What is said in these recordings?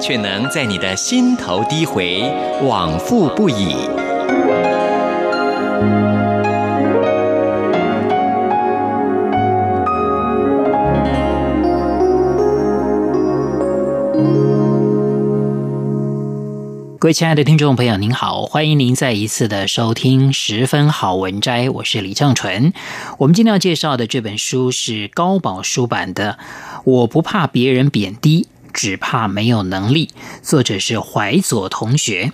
卻能在你的心頭低回，往復不已。各位親愛的聽眾朋友，您好，歡迎您再一次的收聽《十分好文摘》，我是李正純。我們今天要介紹的這本書是高寶書版的《我不怕別人貶低》。只怕沒有能力，作者是懷左同學。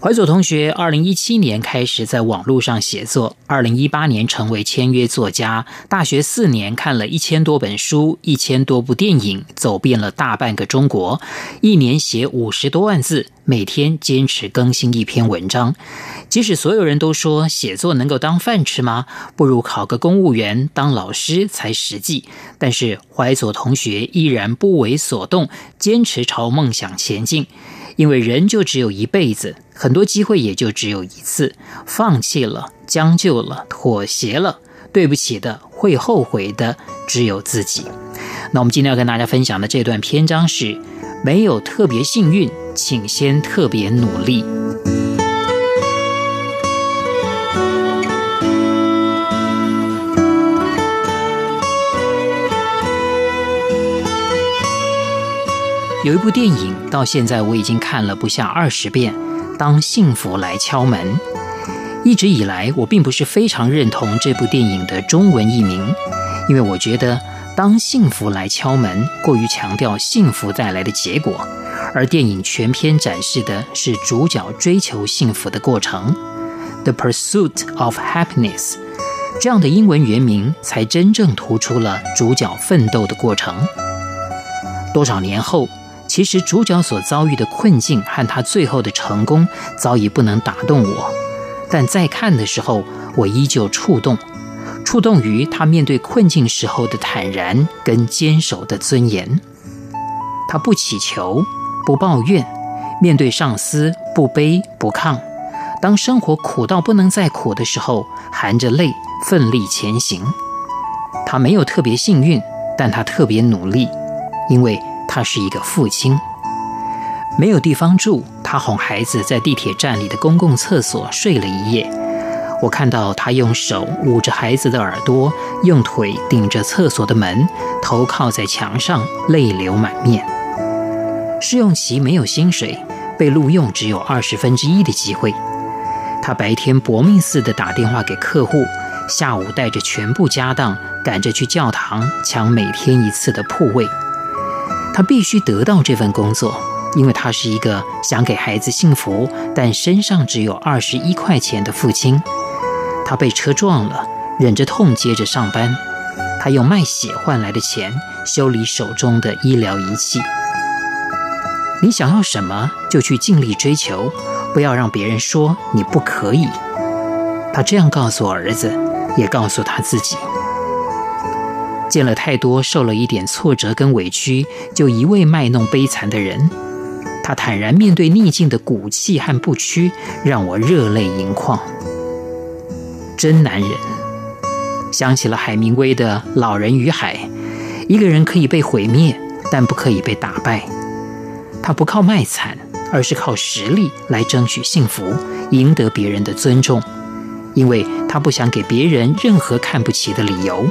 懷左同學二零一七年開始在網絡上寫作，二零一八年成為簽約作家。大學四年看了一千多本書，一千多部電影，走遍了大半個中國。一年寫五十多萬字，每天堅持更新一篇文章。即使所有人都說寫作能夠當飯吃嗎？不如考個公務員當老師才實際。但是懷左同學依然不為所動，堅持朝夢想前進。因為人就只有一輩子。很多機會也就只有一次，放棄了，將就了，妥協了，對不起的，會後悔的，只有自己。那我們今天要跟大家分享的這段篇章是：沒有特別幸運，請先特別努力。有一部電影，到現在我已經看了不下二十遍。當幸福來敲門，一直以來我並不是非常認同這部電影的中文譯名，因為我覺得“當幸福來敲門”過於強調幸福帶來的結果，而電影全篇展示的是主角追求幸福的過程。The Pursuit of Happiness 這樣的英文原名才真正突出了主角奮鬥的過程。多少年後，其實主角所遭遇的困境和他最後的成功早已不能打動我，但在看的時候我依舊觸動，觸動於他面對困境時候的坦然跟堅守的尊嚴。他不祈求，不抱怨，面對上司不卑不亢，當生活苦到不能再苦的時候，含着淚奮力前行。他沒有特別幸運，但他特別努力，因為……他是一個父親，沒有地方住，他哄孩子在地鐵站裡的公共廁所睡了一夜。我看到他用手捂着孩子的耳朵，用腿頂着廁所的門，頭靠在牆上，淚流滿面。試用期沒有薪水，被錄用只有二十分之一的機會。他白天搏命似的打電話給客戶，下午帶着全部家當趕着去教堂搶每天一次的鋪位。他必須得到這份工作，因為他是一個想給孩子幸福，但身上只有二十一塊錢的父親。他被車撞了，忍着痛接着上班。他用賣血換來的錢修理手中的醫療儀器。你想要什麼就去盡力追求，不要讓別人說你不可以。他這樣告訴兒子，也告訴他自己。見了太多受了一點挫折跟委屈就一味賣弄悲慘的人，他坦然面對逆境的骨氣和不屈，讓我熱淚盈眶。真男人！想起了海明威的《老人與海》，一個人可以被毀滅，但不可以被打敗。他不靠賣慘，而是靠實力來爭取幸福，贏得別人的尊重，因為他不想給別人任何看不起的理由。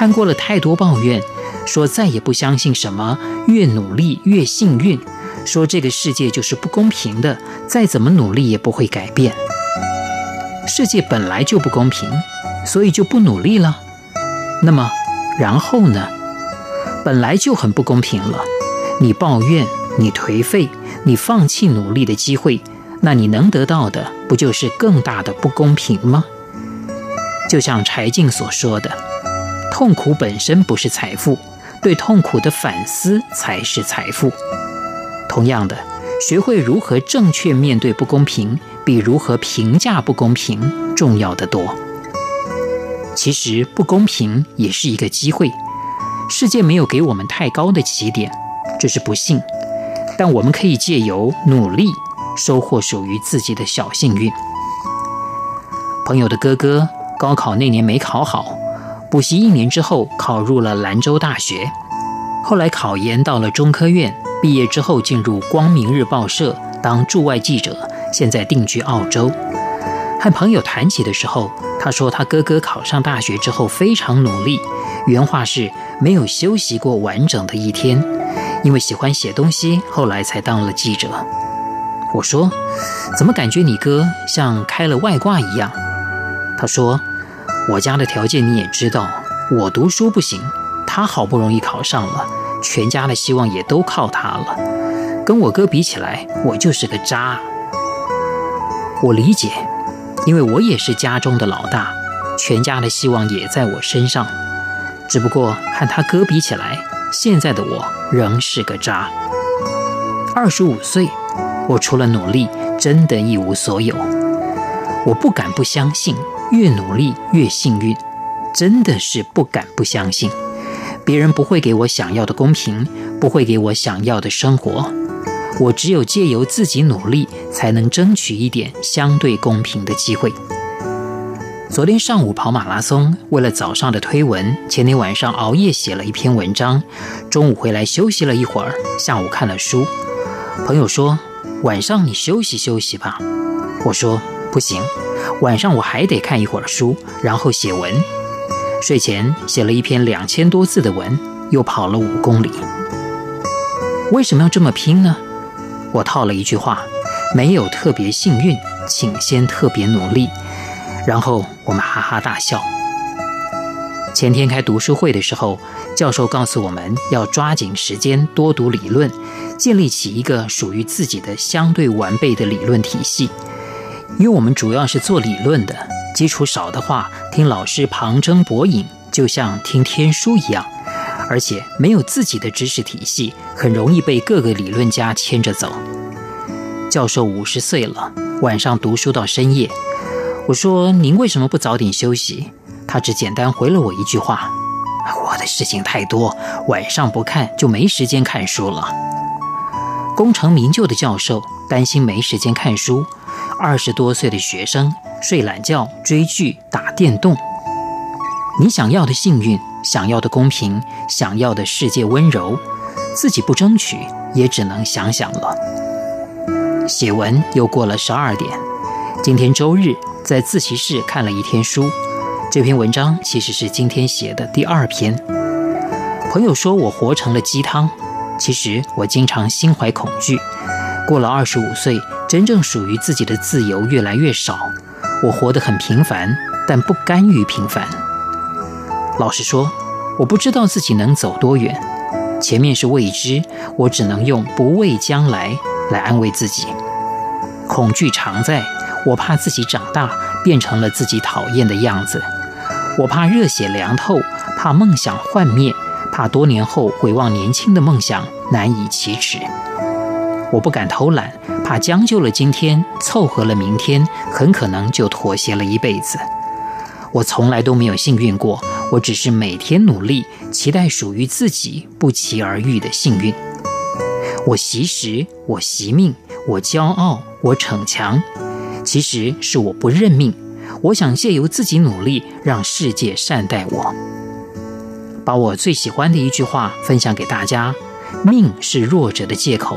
看過了太多抱怨，說再也不相信什麼越努力越幸運，說這個世界就是不公平的，再怎麼努力也不會改變。世界本來就不公平，所以就不努力了。那麼，然後呢？本來就很不公平了，你抱怨，你頹廢，你放棄努力的機會，那你能得到的不就是更大的不公平嗎？就像柴靜所說的。痛苦本身不是財富，對痛苦的反思才是財富。同樣的，學會如何正確面對不公平，比如何評價不公平重要得多。其實，不公平也是一個機會。世界沒有給我們太高的起點，這是不幸，但我們可以借由努力收穫屬於自己的小幸運。朋友的哥哥高考那年沒考好。補習一年之後，考入了蘭州大學，後來考研到了中科院。畢業之後，進入光明日報社當駐外記者，現在定居澳洲。和朋友談起的時候，他說他哥哥考上大學之後非常努力，原話是“沒有休息過完整的一天”，因為喜歡寫東西，後來才當了記者。我說：“怎麼感覺你哥像開了外掛一樣？”他說，我家的條件你也知道，我讀書不行，他好不容易考上了，全家的希望也都靠他了。跟我哥比起來，我就是個渣。我理解，因為我也是家中的老大，全家的希望也在我身上。只不過和他哥比起來，現在的我仍是個渣。二十五歲，我除了努力，真的一無所有。我不敢不相信。越努力越幸運，真的是不敢不相信。別人不會給我想要的公平，不會給我想要的生活，我只有借由自己努力，才能爭取一點相對公平的機會。昨天上午跑馬拉松，為了早上的推文，前天晚上熬夜寫了一篇文章，中午回來休息了一會兒，下午看了書。朋友說晚上你休息休息吧，我說不行。晚上我還得看一會兒書，然後寫文。睡前寫了一篇兩千多字的文，又跑了五公里。為什麼要這麼拼呢？我套了一句話：沒有特別幸運，請先特別努力。然後我們哈哈大笑。前天開讀書會的時候，教授告訴我們要抓緊時間多讀理論，建立起一個屬於自己的相對完備的理論體系。因為我們主要是做理論的，基礎少的話，聽老師旁徵博引就像聽天書一樣，而且沒有自己的知識體系，很容易被各個理論家牽着走。教授五十歲了，晚上讀書到深夜。我說：“您為什麼不早點休息？”他只簡單回了我一句話：“我的事情太多，晚上不看就沒時間看書了。”功成名就的教授擔心沒時間看書。二十多歲的學生睡懶覺、追劇、打電動，你想要的幸運、想要的公平、想要的世界溫柔，自己不爭取，也只能想想了。寫文又過了十二點，今天週日，在自習室看了一天書。這篇文章其實是今天寫的第二篇。朋友說我活成了雞湯，其實我經常心懷恐懼。過了二十五歲。真正屬於自己的自由越來越少，我活得很平凡，但不甘於平凡。老實說，我不知道自己能走多遠，前面是未知，我只能用不畏將來來安慰自己。恐懼常在，我怕自己長大變成了自己討厭的樣子，我怕熱血涼透，怕夢想幻滅，怕多年後回望年輕的夢想難以啟齒。我不敢偷懶。他、啊、將就了今天，湊合了明天，很可能就妥協了一輩子。我從來都沒有幸運過，我只是每天努力，期待屬於自己不期而遇的幸運。我惜時，我惜命，我驕傲，我逞強，其實是我不認命。我想借由自己努力，讓世界善待我。把我最喜歡的一句話分享給大家：命是弱者的借口。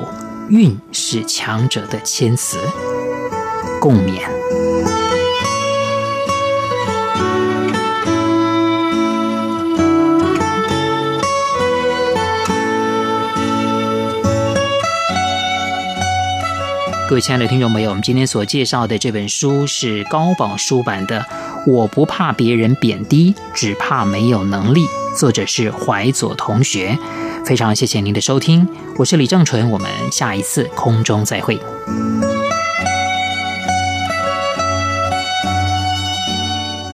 運是強者的謙詞，共勉。各位親愛的聽眾朋友，我們今天所介紹的這本書是高寶書版的《我不怕別人貶低，只怕沒有能力》，作者是懷左同學。非常謝謝您的收聽，我是李正淳，我們下一次空中再會。